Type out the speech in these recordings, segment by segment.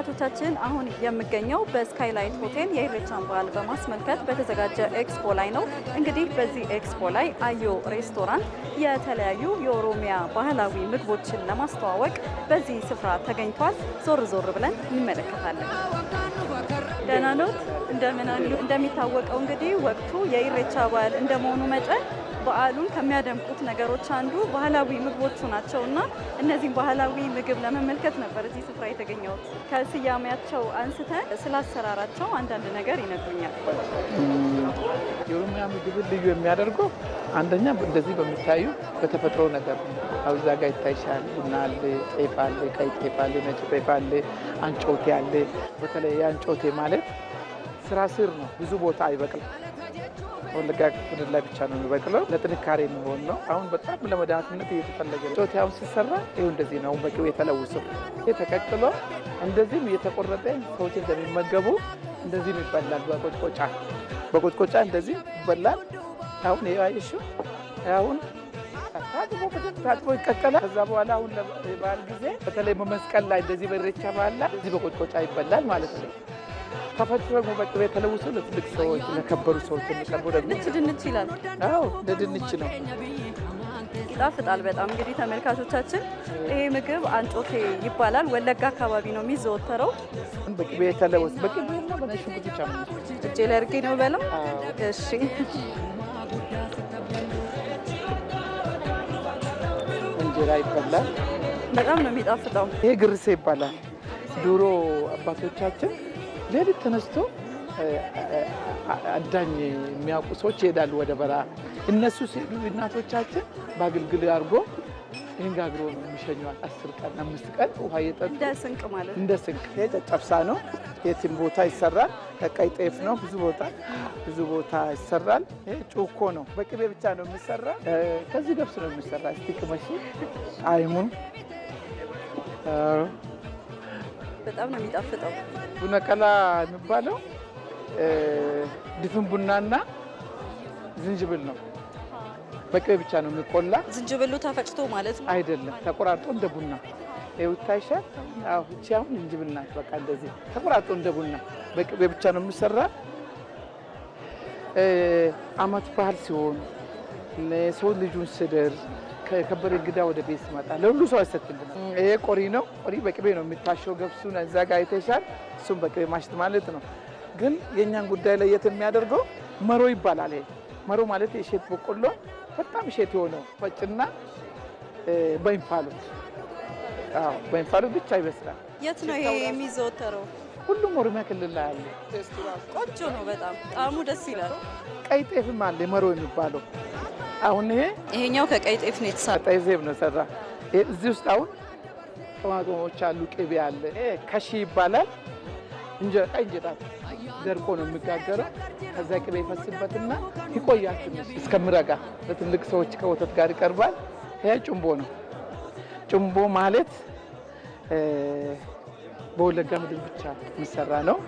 ተመልካቾቻችን አሁን የምገኘው በስካይላይት ሆቴል የኢሬቻን በዓል በማስመልከት በተዘጋጀ ኤክስፖ ላይ ነው። እንግዲህ በዚህ ኤክስፖ ላይ አዮ ሬስቶራንት የተለያዩ የኦሮሚያ ባህላዊ ምግቦችን ለማስተዋወቅ በዚህ ስፍራ ተገኝቷል። ዞር ዞር ብለን እንመለከታለን። ደህና እንደምን አሉ። እንደሚታወቀው እንግዲህ ወቅቱ የኢሬቻ በዓል እንደመሆኑ መጠን በዓሉን ከሚያደምቁት ነገሮች አንዱ ባህላዊ ምግቦቹ ናቸው እና እነዚህም ባህላዊ ምግብ ለመመልከት ነበር እዚህ ስፍራ የተገኘሁት። ከስያሜያቸው አንስተን ስላሰራራቸው አንዳንድ ነገር ይነግሩኛል። የኦሮሚያ ምግብ ልዩ የሚያደርገው አንደኛ እንደዚህ በሚታዩ በተፈጥሮ ነገር አብዛ ጋር ይታይሻል። ቡና አለ፣ ጤፍ አለ፣ ቀይ ጤፍ አለ፣ ነጭ ጤፍ አለ፣ አንጮቴ አለ። በተለይ አንጮቴ ማለት ስራ ስር ነው። ብዙ ቦታ አይበቅልም። ወለጋ ክፍል ላይ ብቻ ነው የሚበቅለው። ለጥንካሬ የሚሆን ነው። አሁን በጣም ለመድኃኒትነት እየተፈለገ ነው። ጮቴ አሁን ሲሰራ ይኸው እንደዚህ ነው። በቂው በቅቤ የተቀቅሎ እንደዚህም እየተቆረጠ ሰዎች እንደሚመገቡ እንደዚህም ይበላል። በቆጭቆጫ በቆጭቆጫ እንደዚህ ይበላል። አሁን ይሹ አሁን ታጥቦ ይቀቀላል። ከዛ በኋላ አሁን በዓል ጊዜ በተለይ መመስቀል ላይ እንደዚህ በሬቻ በዓል ላይ እዚህ በቆጭቆጫ ይበላል ማለት ነው። ታፋችሁ ደግሞ በቅቤ ተለውሰው ለትልቅ ሰዎች ለከበሩ ሰዎች የሚቀርበው ደግሞ ድንች ድንች ይላል። አዎ ለድንች ነው። ይጣፍጣል በጣም እንግዲህ ተመልካቾቻችን፣ ይህ ምግብ አንጮቴ ይባላል። ወለጋ አካባቢ ነው የሚዘወተረው። በቅቤ የተለወሰ በቅቤ እና በሽንኩርት ብቻ እጭ እጄ ነው በለው። እሺ እንጀራ ይበላል። በጣም ነው የሚጣፍጠው። ይሄ ግርሴ ይባላል። ድሮ አባቶቻችን ሌሊት ተነስቶ አዳኝ የሚያውቁ ሰዎች ይሄዳሉ ወደ በረሃ። እነሱ ሲሄዱ እናቶቻችን በአገልግል አድርጎ ይህን ጋግሮ ነው የሚሸኘዋል። አስር ቀን አምስት ቀን ውሃ እየጠጡ እንደ ስንቅ ማለት እንደ ስንቅ ጠብሳ ነው። የትም ቦታ ይሰራል። ከቀይ ጤፍ ነው። ብዙ ቦታ ብዙ ቦታ ይሰራል። ጩኮ ነው። በቅቤ ብቻ ነው የሚሰራ። ከዚህ ገብስ ነው የሚሰራ። እስቲ ቅመሽ አይሙን በጣም ነው የሚጣፍጠው። ቡነቀላ የሚባለው ድፍን ቡናና ዝንጅብል ነው። በቅቤ ብቻ ነው የሚቆላ። ዝንጅብሉ ተፈጭቶ ማለት ነው አይደለም፣ ተቆራርጦ እንደ ቡና ይታይሻል። እቺ አሁን ዝንጅብል ናት። በቃ እንደዚህ ተቆራርጦ እንደ ቡና በቅቤ ብቻ ነው የሚሰራ። አመት ባህል ሲሆን ሰው ልጁን ስድር ከከበረ እንግዳ ወደ ቤት ስመጣ ለሁሉ ሰው አይሰጥልንም። ይሄ ቆሪ ነው። ቆሪ በቅቤ ነው የሚታሸው። ገብሱን እዛ ጋር አይተሻል። እሱም በቅቤ ማሽት ማለት ነው። ግን የእኛን ጉዳይ ለየት የሚያደርገው መሮ ይባላል። ይሄ መሮ ማለት የሼት በቆሎ በጣም ሼት የሆነው ፈጭና በእንፋሎት በእንፋሎት ብቻ ይበስላል። የት ነው ይሄ የሚዘወተረው? ሁሉም ኦሮሚያ ክልል ላይ አለ። ቆንጆ ነው በጣም ጣዕሙ ደስ ይላል። ቀይ ጤፍም አለ መሮ የሚባለው አሁን ይሄ ይሄኛው ከቀይ ጤፍ ነው የተሰራ። ቀይ ጤፍ ነው የተሰራ። እዚህ ውስጥ አሁን ቅመሞች አሉ፣ ቅቤ አለ። ከሺ ይባላል። እንጀራ ቀይ እንጀራ ደርቆ ነው የሚጋገረው። ከዛ ቅቤ ይፈስበትና ይቆያል ትንሽ እስከምረጋ። ለትልቅ ሰዎች ከወተት ጋር ይቀርባል። ይሄ ጭምቦ ነው። ጭምቦ ማለት በወለጋ ምድር ብቻ የሚሰራ ነው።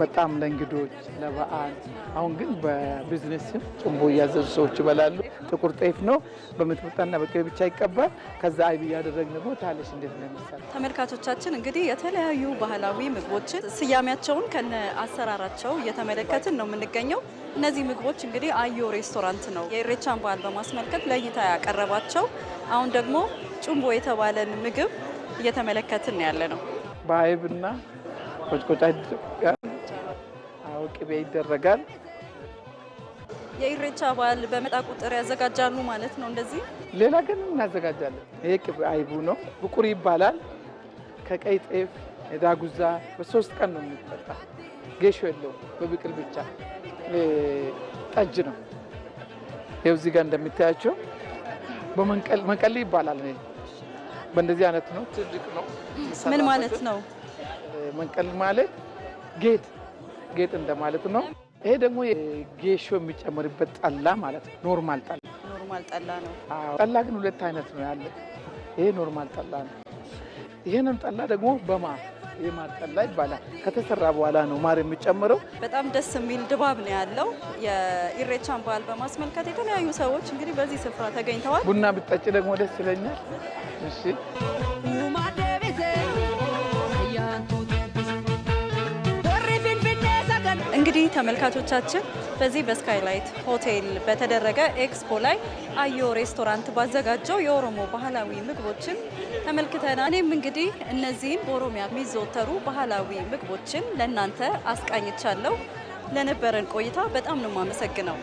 በጣም ለእንግዶች ለበዓል። አሁን ግን በቢዝነስ ጭንቦ እያዘዙ ሰዎች ይበላሉ። ጥቁር ጤፍ ነው በምትወጣና በቅቤ ብቻ ይቀባል። ከዛ አይብ እያደረግን ቦታለች እንዴት ነው የሚሰራ። ተመልካቾቻችን እንግዲህ የተለያዩ ባህላዊ ምግቦችን ስያሜያቸውን ከነ አሰራራቸው እየተመለከትን ነው የምንገኘው። እነዚህ ምግቦች እንግዲህ አዮ ሬስቶራንት ነው የኢሬቻን በዓል በማስመልከት ለእይታ ያቀረባቸው። አሁን ደግሞ ጩምቦ የተባለን ምግብ እየተመለከትን ያለ ነው በአይብና ቆጭቆጫ ነው፣ ቅቤ ይደረጋል። የኢሬቻ በዓል በመጣ ቁጥር ያዘጋጃሉ ማለት ነው። እንደዚህ ሌላ ግን እናዘጋጃለን። ይሄ ቅቤ አይቡ ነው፣ ብቁር ይባላል። ከቀይ ጤፍ ዳጉዛ በሶስት ቀን ነው የሚጠጣ። ጌሾ የለው በብቅል ብቻ ጠጅ ነው። ይኸው እዚህ ጋር እንደሚታያቸው በመንቀል ይባላል። በእንደዚህ አይነት ነው፣ ትልቅ ነው። ምን ማለት ነው መንቀል ማለት? ጌጥ ጌጥ እንደማለት ነው። ይሄ ደግሞ ጌሾ የሚጨምርበት ጠላ ማለት ነው። ኖርማል ጠላ ኖርማል ጠላ ነው። ጠላ ግን ሁለት አይነት ነው ያለ። ይሄ ኖርማል ጠላ ነው። ይሄንን ጠላ ደግሞ በማ የማር ጠላ ይባላል። ከተሰራ በኋላ ነው ማር የሚጨምረው። በጣም ደስ የሚል ድባብ ነው ያለው። የኢሬቻን በዓል በማስመልከት የተለያዩ ሰዎች እንግዲህ በዚህ ስፍራ ተገኝተዋል። ቡና ብጠጭ ደግሞ ደስ ይለኛል። እሺ እንግዲህ ተመልካቾቻችን በዚህ በስካይላይት ሆቴል በተደረገ ኤክስፖ ላይ አዮ ሬስቶራንት ባዘጋጀው የኦሮሞ ባህላዊ ምግቦችን ተመልክተናል። እኔም እንግዲህ እነዚህን በኦሮሚያ የሚዘወተሩ ባህላዊ ምግቦችን ለእናንተ አስቃኝቻለሁ። ለነበረን ቆይታ በጣም ነው የማመሰግነው።